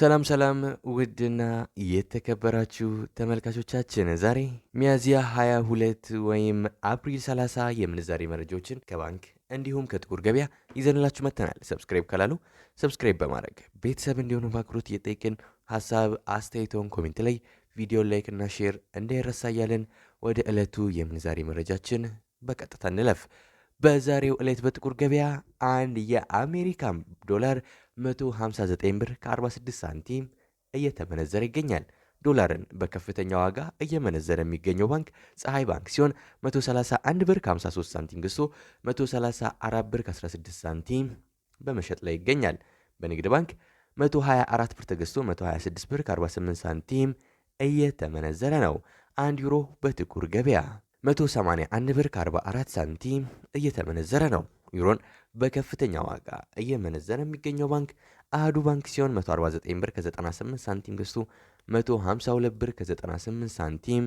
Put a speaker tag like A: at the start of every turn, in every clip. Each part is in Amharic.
A: ሰላም ሰላም ውድና የተከበራችሁ ተመልካቾቻችን ዛሬ ሚያዝያ 22 ወይም አፕሪል 30 የምንዛሬ መረጃዎችን ከባንክ እንዲሁም ከጥቁር ገበያ ይዘንላችሁ መጥተናል። ሰብስክራይብ ካላሉ ሰብስክራይብ በማድረግ ቤተሰብ እንዲሆኑ በአክብሮት እየጠየቅን ሀሳብ አስተያየቶን ኮሜንት ላይ ቪዲዮ ላይክ እና ሼር እንዳይረሳ እያልን ወደ ዕለቱ የምንዛሬ መረጃችን በቀጥታ እንለፍ። በዛሬው ዕለት በጥቁር ገበያ አንድ የአሜሪካን ዶላር 159 ብር ከ46 ሳንቲም እየተመነዘረ ይገኛል። ዶላርን በከፍተኛ ዋጋ እየመነዘረ የሚገኘው ባንክ ፀሐይ ባንክ ሲሆን 131 ብር ከ53 ሳንቲም ገዝቶ 134 ብር ከ16 ሳንቲም በመሸጥ ላይ ይገኛል። በንግድ ባንክ 124 ብር ተገዝቶ 126 ብር ከ48 ሳንቲም እየተመነዘረ ነው። አንድ ዩሮ በጥቁር ገበያ 181 ብር ከ44 ሳንቲም እየተመነዘረ ነው። ዩሮን በከፍተኛ ዋጋ እየመነዘረ የሚገኘው ባንክ አህዱ ባንክ ሲሆን 149 ብር ከ98 ሳንቲም ገዝቶ 152 ብር ከ98 ሳንቲም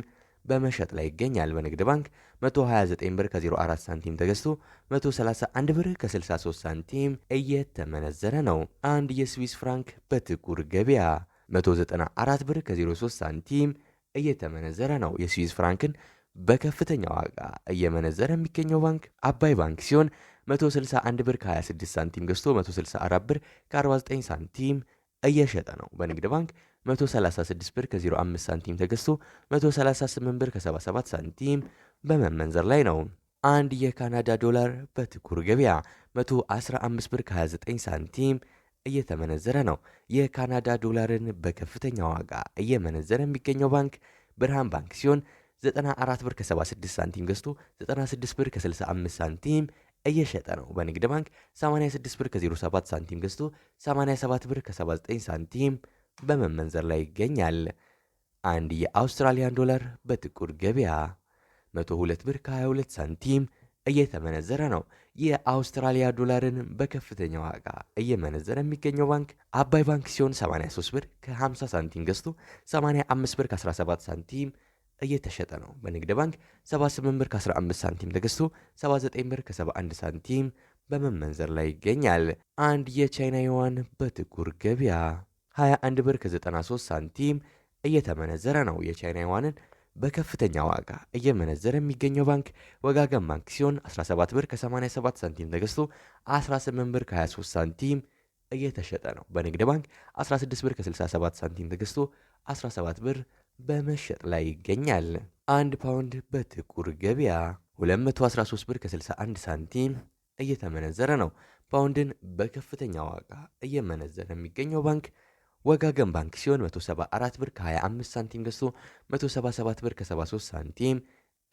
A: በመሸጥ ላይ ይገኛል። በንግድ ባንክ 129 ብር ከ04 ሳንቲም ተገዝቶ 131 ብር ከ63 ሳንቲም እየተመነዘረ ነው። አንድ የስዊስ ፍራንክ በጥቁር ገበያ 194 ብር ከ03 ሳንቲም እየተመነዘረ ነው። የስዊስ ፍራንክን በከፍተኛ ዋጋ እየመነዘረ የሚገኘው ባንክ አባይ ባንክ ሲሆን 161 ብር ከ26 ሳንቲም ገዝቶ 164 ብር ከ49 ሳንቲም እየሸጠ ነው። በንግድ ባንክ 136 ብር ከ05 ሳንቲም ተገዝቶ 138 ብር ከ77 ሳንቲም በመመንዘር ላይ ነው። አንድ የካናዳ ዶላር በጥቁር ገበያ 115 ብር ከ29 ሳንቲም እየተመነዘረ ነው። የካናዳ ዶላርን በከፍተኛ ዋጋ እየመነዘረ የሚገኘው ባንክ ብርሃን ባንክ ሲሆን 94 ብር ከ76 ሳንቲም ገዝቶ 96 ብር ከ65 ሳንቲም እየሸጠ ነው። በንግድ ባንክ 86 ብር ከ07 ሳንቲም ገዝቶ 87 ብር ከ79 ሳንቲም በመመንዘር ላይ ይገኛል። አንድ የአውስትራሊያን ዶላር በጥቁር ገበያ 102 ብር ከ22 ሳንቲም እየተመነዘረ ነው። የአውስትራሊያ ዶላርን በከፍተኛ ዋጋ እየመነዘረ የሚገኘው ባንክ አባይ ባንክ ሲሆን 83 ብር ከ50 ሳንቲም ገዝቶ 85 ብር ከ17 ሳንቲም እየተሸጠ ነው። በንግድ ባንክ 78 ብር ከ15 ሳንቲም ተገዝቶ 79 ብር ከ71 ሳንቲም በመመንዘር ላይ ይገኛል። አንድ የቻይና ዩዋን በጥቁር ገበያ 21 ብር ከ93 ሳንቲም እየተመነዘረ ነው። የቻይና ዩዋንን በከፍተኛ ዋጋ እየመነዘረ የሚገኘው ባንክ ወጋገን ባንክ ሲሆን 17 ብር ከ87 ሳንቲም ተገዝቶ 18 ብር ከ23 ሳንቲም እየተሸጠ ነው። በንግድ ባንክ 16 ብር ከ67 ሳንቲም ተገዝቶ 17 ብር በመሸጥ ላይ ይገኛል። አንድ ፓውንድ በጥቁር ገበያ 213 ብር ከ61 ሳንቲም እየተመነዘረ ነው። ፓውንድን በከፍተኛ ዋጋ እየመነዘረ የሚገኘው ባንክ ወጋገን ባንክ ሲሆን 174 ብር ከ25 ሳንቲም ገዝቶ 177 ብር ከ73 ሳንቲም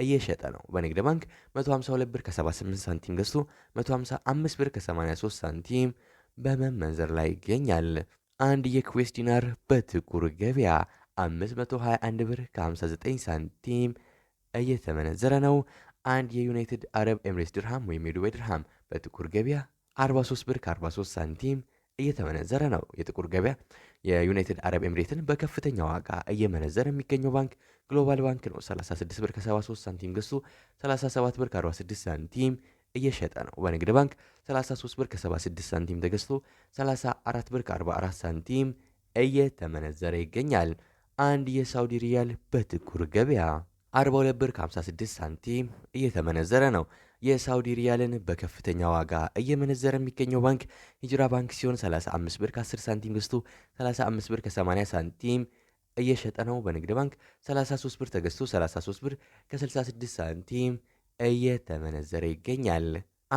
A: እየሸጠ ነው። በንግድ ባንክ 152 ብር ከ78 ሳንቲም ገዝቶ 155 ብር ከ83 ሳንቲም በመመንዘር ላይ ይገኛል። አንድ የኩዌስ ዲናር በጥቁር ገበያ 521 ብር ከ59 ሳንቲም እየተመነዘረ ነው። አንድ የዩናይትድ አረብ ኤምሬትስ ድርሃም ወይም የዱባይ ድርሃም በጥቁር ገበያ 43 ብር ከ43 ሳንቲም እየተመነዘረ ነው። የጥቁር ገበያ የዩናይትድ አረብ ኤምሬትን በከፍተኛ ዋጋ እየመነዘረ የሚገኘው ባንክ ግሎባል ባንክ ነው። 36 ብር ከ73 ሳንቲም ገዝቶ 37 ብር ከ46 ሳንቲም እየሸጠ ነው። በንግድ ባንክ 33 ብር ከ76 ሳንቲም ተገዝቶ 34 ብር ከ44 ሳንቲም እየተመነዘረ ይገኛል። አንድ የሳውዲ ሪያል በጥቁር ገበያ 42 ብር ከ56 ሳንቲም እየተመነዘረ ነው። የሳውዲ ሪያልን በከፍተኛ ዋጋ እየመነዘረ የሚገኘው ባንክ ሂጅራ ባንክ ሲሆን 35 ብር ከ10 ሳንቲም ገዝቶ 35 ብር ከ80 ሳንቲም እየሸጠ ነው። በንግድ ባንክ 33 ብር ተገዝቶ 33 ብር ከ66 ሳንቲም እየተመነዘረ ይገኛል።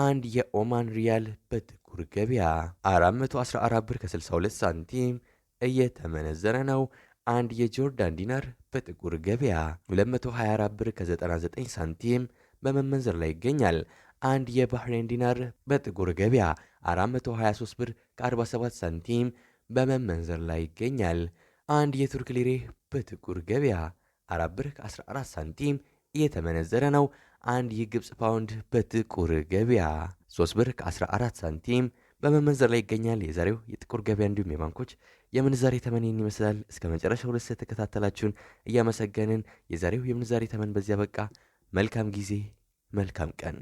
A: አንድ የኦማን ሪያል በጥቁር ገበያ 414 ብር ከ62 ሳንቲም እየተመነዘረ ነው። አንድ የጆርዳን ዲናር በጥቁር ገበያ 224 ብር ከ99 ሳንቲም በመመንዘር ላይ ይገኛል። አንድ የባህሬን ዲናር በጥቁር ገበያ 423 ብር ከ47 ሳንቲም በመመንዘር ላይ ይገኛል። አንድ የቱርክ ሊሬ በጥቁር ገበያ 4 ብር ከ14 ሳንቲም እየተመነዘረ ነው። አንድ የግብፅ ፓውንድ በጥቁር ገበያ 3 ብር ከ14 ሳንቲም በመመንዘር ላይ ይገኛል። የዛሬው የጥቁር ገበያ እንዲሁም የባንኮች የምንዛሬ ተመንን ይመስላል። እስከ መጨረሻው ድረስ የተከታተላችሁን እያመሰገንን የዛሬው የምንዛሬ ተመን በዚያ በቃ። መልካም ጊዜ፣ መልካም ቀን